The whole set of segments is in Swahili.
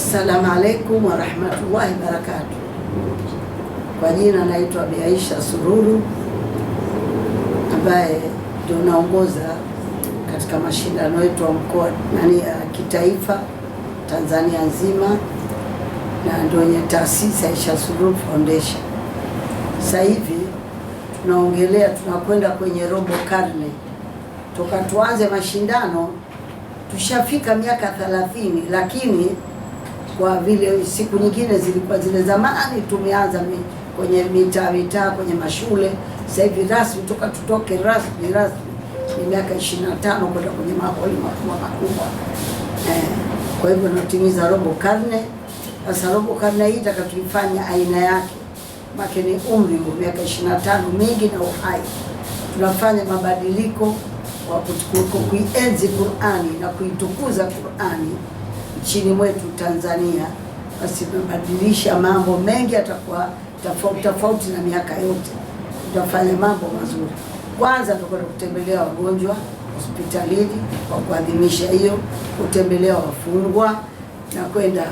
Assalamu alaikum warahmatullahi wabarakatu. Kwa jina naitwa Bi Aisha Sururu ambaye tunaongoza katika mashindano yetu ya mkoa nani ya kitaifa Tanzania nzima na ndio yenye taasisi Aisha Sururu Foundation. Sasa hivi tunaongelea tunakwenda kwenye robo karne, toka tuanze mashindano tushafika miaka 30 lakini kwa vile siku nyingine zilikuwa zile zamani, tumeanza kwenye mitaa mitaa, kwenye mashule. Sasa hivi rasmi toka tutoke rasmi rasmi ni miaka 25 kwenda kwenye maholi makubwa makubwa eh. Kwa hivyo natimiza robo karne sasa. Robo karne hii takatuifanya aina yake, make ni umri wa miaka 25 na mingi na uhai, tunafanya mabadiliko wa kuienzi Qur'ani na kuitukuza Qur'ani nchini mwetu Tanzania, basi tumebadilisha mambo mengi, atakuwa tofauti tofauti na miaka yote. Tutafanya mambo mazuri. Kwanza tutakwenda kutembelea wagonjwa hospitalini kwa kuadhimisha hiyo, kutembelea wafungwa na kwenda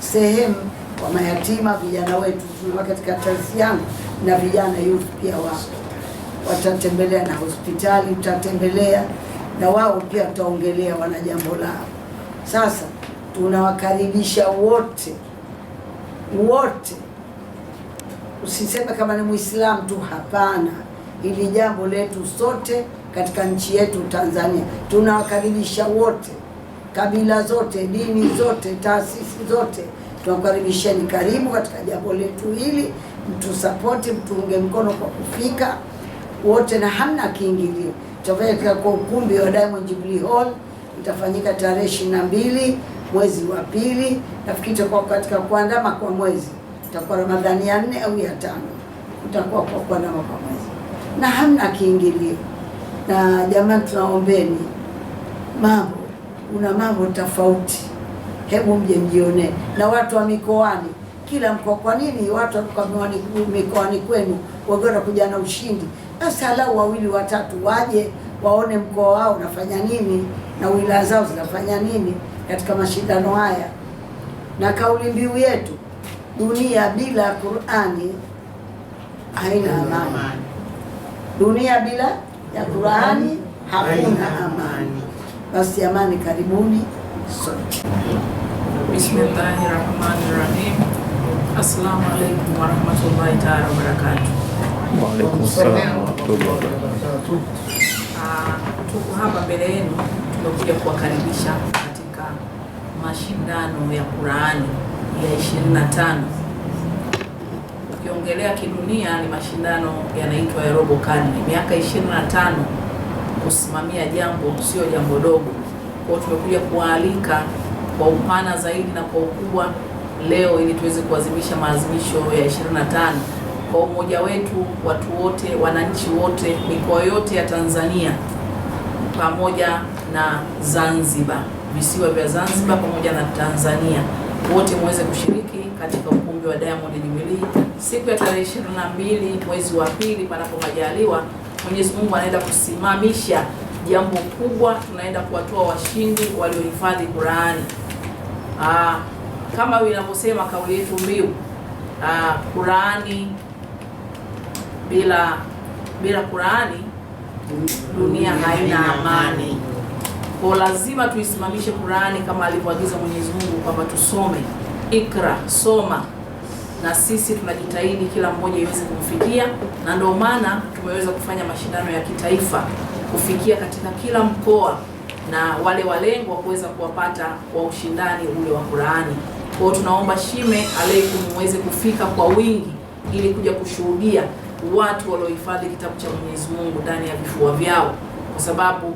sehemu kwa mayatima. Vijana wetu tunawa katika taasisi yangu na vijana youth pia wapo, watatembelea na hospitali tutatembelea na wao pia, tutaongelea wana jambo lao sasa tunawakaribisha wote wote, usiseme kama ni Muislamu tu, hapana. Hili jambo letu sote katika nchi yetu Tanzania, tunawakaribisha wote, kabila zote, dini zote, taasisi zote, tunawakaribisheni. Karibu katika jambo letu hili, mtusapoti, mtuunge mkono kwa kufika wote, na hamna kiingilio. Tutafanya katika ukumbi wa Diamond Jubilee Hall, itafanyika tarehe ishirini na mbili mwezi wa pili, nafikiri itakuwa katika kuandama kwa mwezi, itakuwa Ramadhani ya nne au ya tano, utakuwa kwa kuandama kwa mwezi na hamna kiingilio. Na jamani, tunaombeni mambo, una mambo tofauti, hebu mje mjione Na watu wa mikoani, kila mkoa, kwa nini watu kwa mikoani kwenu wagora kuja na ushindi? Basi alau wawili watatu waje waone mkoa wao unafanya nini na wilaya zao zinafanya nini katika mashindano haya, na kauli mbiu yetu dunia bila Qur'ani haina amani. Dunia bila ya Qur'ani hakuna amani. Basi amani, karibuni sote. Bismillahir Rahmanir Rahim. Assalamu alaykum wa rahmatullahi ta'ala wa barakatuh. Wa alaykum salaam wa rahmatullahi wa barakatuh. Ah, tuko hapa mbele yenu tumekuja kuwakaribisha mashindano ya Qurani ya 25 ukiongelea kidunia ni mashindano yanaitwa ya robo karne, miaka 25 kusimamia jambo sio jambo dogo. Kwao tumekuja kualika kwa upana zaidi na kwa ukubwa leo ili tuweze kuadhimisha maadhimisho ya 25 kwa umoja wetu, watu wote, wananchi wote, mikoa yote ya Tanzania pamoja na Zanzibar visiwa vya Zanzibar pamoja na Tanzania wote muweze kushiriki katika ukumbi wa Diamond Jubilee siku ya tarehe 22 mwezi wa pili, panapo majaliwa Mwenyezi Mungu anaenda kusimamisha jambo kubwa, tunaenda kuwatoa washindi waliohifadhi Qurani. Aa, ah, kama inavyosema kauli yetu mbiu ah, Qurani bila bila Qurani dunia haina amani. Kwa lazima tuisimamishe Qur'ani kama alivyoagiza Mwenyezi Mungu kwamba tusome, ikra, soma, na sisi tunajitahidi kila mmoja iweze kumfikia, na ndio maana tumeweza kufanya mashindano ya kitaifa kufikia katika kila mkoa na wale walengwa kuweza kuwapata kwa ushindani ule wa Qur'ani. Kwa tunaomba shime aleikum muweze kufika kwa wingi ili kuja kushuhudia watu waliohifadhi kitabu cha Mwenyezi Mungu ndani ya vifua vyao kwa sababu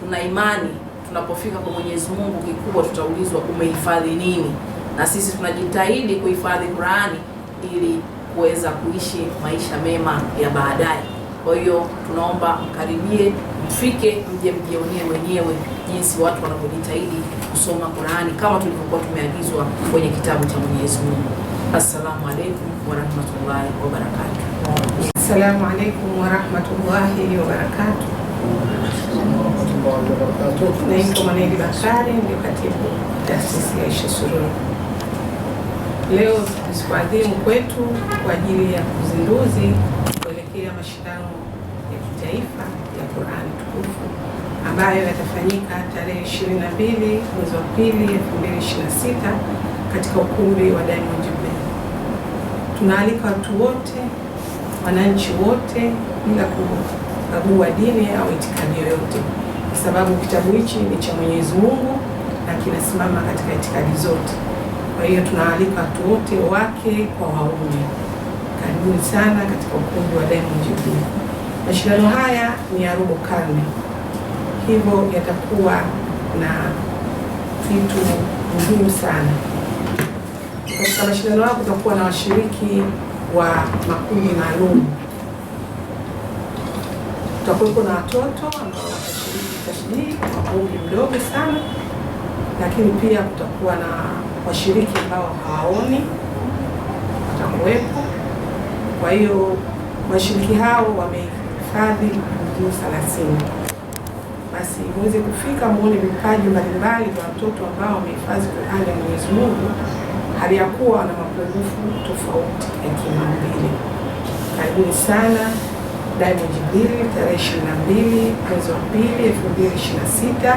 tuna imani tunapofika kwa Mwenyezi Mungu, kikubwa tutaulizwa umehifadhi nini, na sisi tunajitahidi kuhifadhi Qur'ani ili kuweza kuishi maisha mema ya baadaye. Kwa hiyo tunaomba mkaribie, mfike, mje mjionee wenyewe jinsi watu wanavyojitahidi kusoma Qur'ani kama tulivyokuwa tumeagizwa kwenye kitabu cha Mwenyezi Mungu. Assalamu alaykum wa rahmatullahi wa barakatuh. Assalamu alaykum wa rahmatullahi wa barakatuh. Naitwa Mwanaidi Bakari, ni katibu taasisi ya Aisha Sururu. Leo siku adhimu kwetu kwa ajili ya uzinduzi kuelekea mashindano ya kitaifa ya Qur'ani tukufu ambayo yatafanyika tarehe 22 mwezi wa pili 2026 katika ukumbi wa Diamond Jubilee. Tunaalika watu wote, wananchi wote bila kuoga mkaguu wa dini au itikadi yoyote, kwa sababu kitabu hichi ni cha Mwenyezi Mungu na kinasimama katika itikadi zote. Kwa hiyo tunaalika watu wote, wake kwa waume, karibuni sana katika ukumbi wa Diamond Jubilee. Mashindano haya ni ya robo karne, hivyo yatakuwa na vitu muhimu sana katika mashindano hayo. Kutakuwa na washiriki wa makundi maalum. Kutakuwepo na watoto ambao watashiriki tashbihi kwa umri mdogo sana, lakini pia kutakuwa na washiriki ambao hawaoni watakuwepo. Kwa hiyo washiriki hao wamehifadhi vipingio thelathini. Basi muweze kufika muone vipaji mbalimbali vya watoto ambao wamehifadhi Qur'ani ya Mwenyezi Mungu hali ya kuwa na mapungufu tofauti ya kimaumbile. Karibuni sana. Diamond Jubilee tarehe 22 mwezi wa pili 2026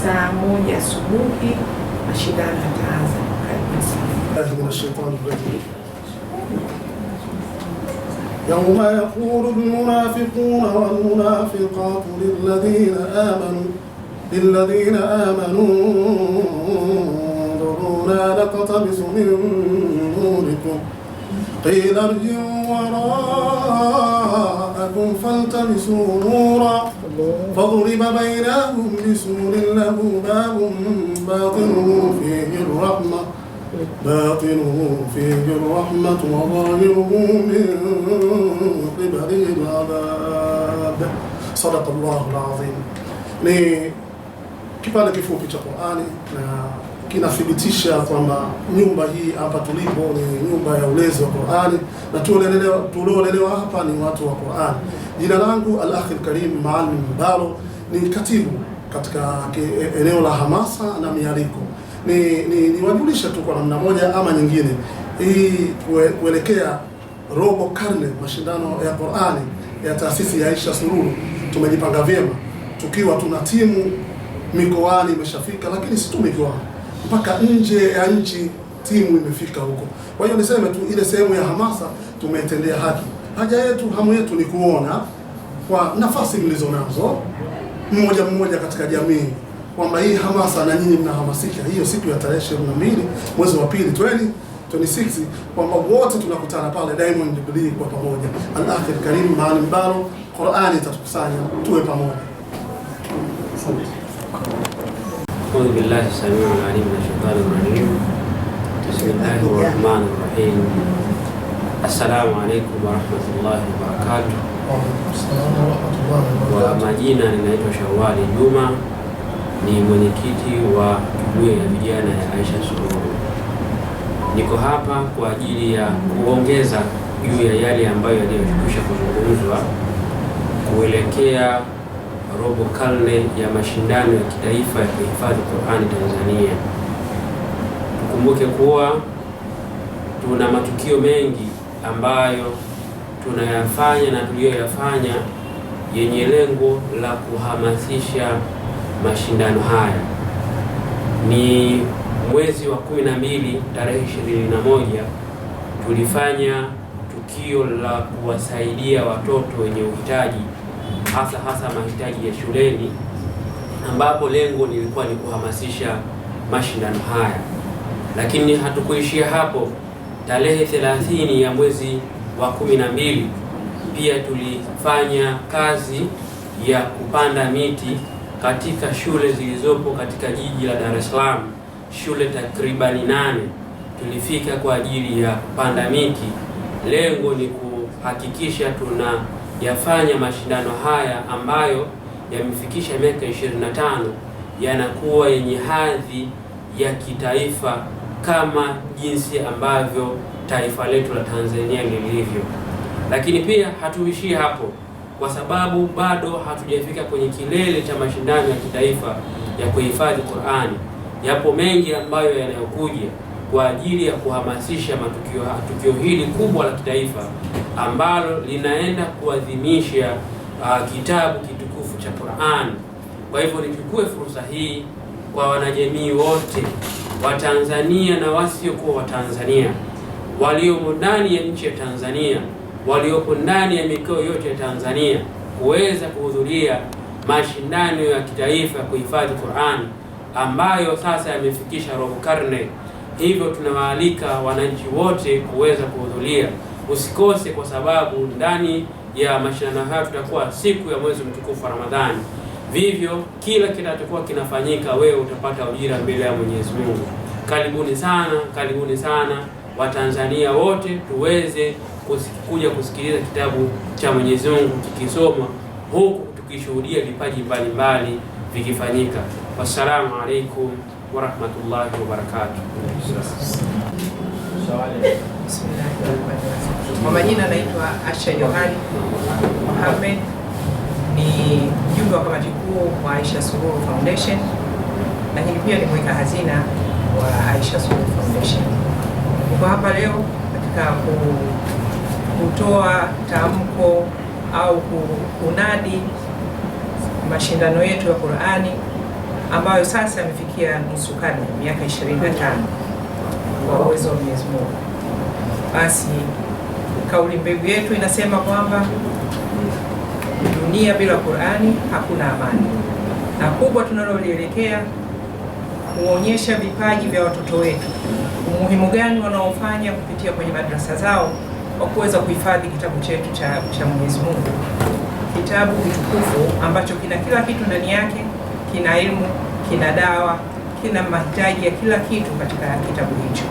saa moja asubuhi mashindano yataanza. يوم يقول المنافقون والمنافقات للذين آمنوا للذين آمنوا انظرونا نقتبس من نوركم قيل ارجعوا وراءكم فالتمسوا نورا فضرب بينهم بسور له باب باطنه فيه الرحمة باطنه فيه الرحمة وظاهره من قبله العذاب صدق الله العظيم ni kipande kifupi cha Qur'ani na kinathibitisha kwamba nyumba hii hapa tulipo ni nyumba ya ulezi wa Qur'ani na tuliolelewa hapa ni watu wa Qur'ani. Jina langu Al-Akhi Karim Maalim Mbalo ni katibu katika e, eneo la hamasa na mialiko. Ni niwajulisha ni tu kwa namna moja ama nyingine, hii kuelekea robo karne mashindano ya Qur'ani ya taasisi ya Aisha Sururu tumejipanga vyema, tukiwa tuna timu mikoani imeshafika, lakini si tu mikoani mpaka nje ya nchi timu imefika huko. Kwa hiyo niseme tu ile sehemu ya hamasa tumeitendea haki. Haja yetu, hamu yetu ni kuona kwa nafasi mlizo nazo mmoja mmoja katika jamii kwamba hii hamasa na nyinyi mnahamasika hiyo siku ya tarehe 22 mwezi wa pili 2026 kwamba wote tunakutana pale Diamond Jubilee kwa pamoja. Al-Akhir Karim, mahali ambalo Qur'ani itatukusanya tuwe pamoja. أعوذ بالله السميع العليم من الشيطان الرجيم بسم الله الرحمن الرحيم Assalamu alaikum warahmatullahi wabarakatuh. Kwa majina ninaitwa Shawali Juma, ni mwenyekiti wa jumuiya ya vijana ya Aisha Sururu. Niko hapa kwa ajili ya kuongeza juu ya yale ambayo yaliyokwisha kuzungumzwa kuelekea robo karne ya mashindano ya kitaifa ya kuhifadhi Qur'ani Tanzania. Tukumbuke kuwa tuna matukio mengi ambayo tunayafanya na tuliyoyafanya yenye lengo la kuhamasisha mashindano haya. Ni mwezi wa 12 tarehe 21 tulifanya tukio la kuwasaidia watoto wenye uhitaji hasa hasa mahitaji ya shuleni, ambapo lengo lilikuwa ni kuhamasisha mashindano haya. Lakini hatukuishia hapo. Tarehe 30 ya mwezi wa 12 pia tulifanya kazi ya kupanda miti katika shule zilizopo katika jiji la Dar es Salaam, shule takribani nane tulifika kwa ajili ya kupanda miti. Lengo ni kuhakikisha tuna yafanya mashindano haya ambayo yamefikisha miaka 25 yanakuwa yenye hadhi ya kitaifa kama jinsi ambavyo taifa letu la Tanzania lilivyo. Lakini pia hatuishii hapo, kwa sababu bado hatujafika kwenye kilele cha mashindano ya kitaifa ya kuhifadhi Qur'ani. Yapo mengi ambayo yanayokuja kwa ajili ya kuhamasisha matukio tukio hili kubwa la kitaifa ambalo linaenda kuadhimisha uh, kitabu kitukufu cha Qur'an. Kwa hivyo nichukue fursa hii kwa wanajamii wote Watanzania na wasiokuwa Watanzania waliomo ndani ya nchi ya Tanzania walioko ndani ya mikoa yote ya Tanzania kuweza kuhudhuria mashindano ya kitaifa ya kuhifadhi Qur'an ambayo sasa yamefikisha robo karne. Hivyo tunawaalika wananchi wote kuweza kuhudhuria, usikose, kwa sababu ndani ya mashindano hayo tutakuwa siku ya mwezi mtukufu wa Ramadhani. Vivyo kila kitachokuwa kinafanyika, wewe utapata ujira mbele ya Mwenyezi Mungu. Karibuni sana, karibuni sana Watanzania wote tuweze kuja kusikiliza kitabu cha Mwenyezi Mungu kikisomwa huku tukishuhudia vipaji mbalimbali vikifanyika. Wassalamu alaikum wa rahmatullahi wa barakatuh. Kwa majina anaitwa Asha Johani Mohamed, ni mjumbe wa kamati kuu wa Aisha Sururu Foundation, lakini pia ni mweka hazina wa Aisha Sururu Foundation. Uko hapa leo katika kutoa tamko au kunadi mashindano yetu ya Qur'ani ambayo sasa yamefikia nusu karne, miaka 25 kwa uwezo wa Mwenyezi Mungu. Basi kauli mbiu yetu inasema kwamba dunia bila Qur'ani hakuna amani, na kubwa tunalolielekea kuonyesha vipaji vya watoto wetu, umuhimu gani wanaofanya kupitia kwenye madrasa zao kwa kuweza kuhifadhi kitabu chetu cha, cha Mwenyezi Mungu, kitabu kitukufu ambacho kina kila kitu ndani yake kina elimu, kina dawa, kina mahitaji ya kila kitu katika kitabu hicho.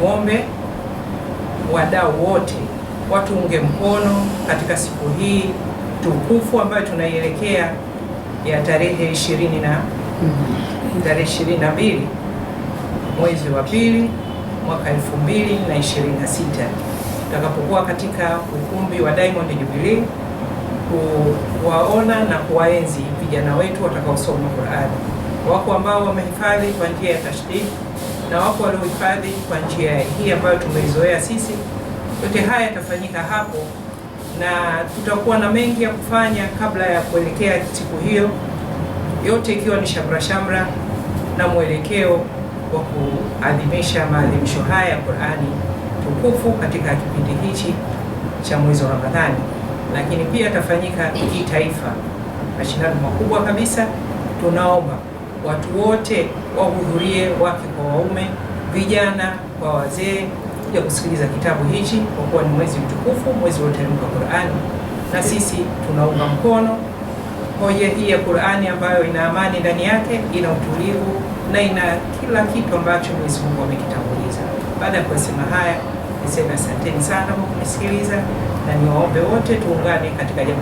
Tuombe wadau wote watuunge mkono katika siku hii tukufu ambayo tunaielekea ya tarehe ishirini na tarehe ishirini na mbili mwezi wa pili mwaka elfu mbili na ishirini na sita tutakapokuwa katika ukumbi wa Diamond Jubilee kuwaona na kuwaenzi vijana wetu watakaosoma Qur'ani. Wako ambao wamehifadhi kwa njia ya tashdid na wako waliohifadhi kwa njia hii ambayo tumeizoea sisi. Yote haya yatafanyika hapo na tutakuwa na mengi ya kufanya kabla ya kuelekea siku hiyo, yote ikiwa ni shamra shamra na mwelekeo wa kuadhimisha maadhimisho haya ya Qur'ani tukufu katika kipindi hichi cha mwezi wa Ramadhani lakini pia atafanyika kitaifa mashindano makubwa kabisa. Tunaomba watu wote wahudhurie, wake kwa waume, vijana kwa wazee, kuja kusikiliza kitabu hichi, kwa kuwa ni mwezi mtukufu, mwezi wa wa Qur'ani, na sisi tunaunga mkono hoja hii ya Qur'ani ambayo ina amani ndani yake, ina utulivu na ina kila kitu ambacho Mwenyezi Mungu amekitanguliza. Baada ya kusema haya, niseme asanteni sana kwa kunisikiliza na niwaombe wote tuungane katika jambo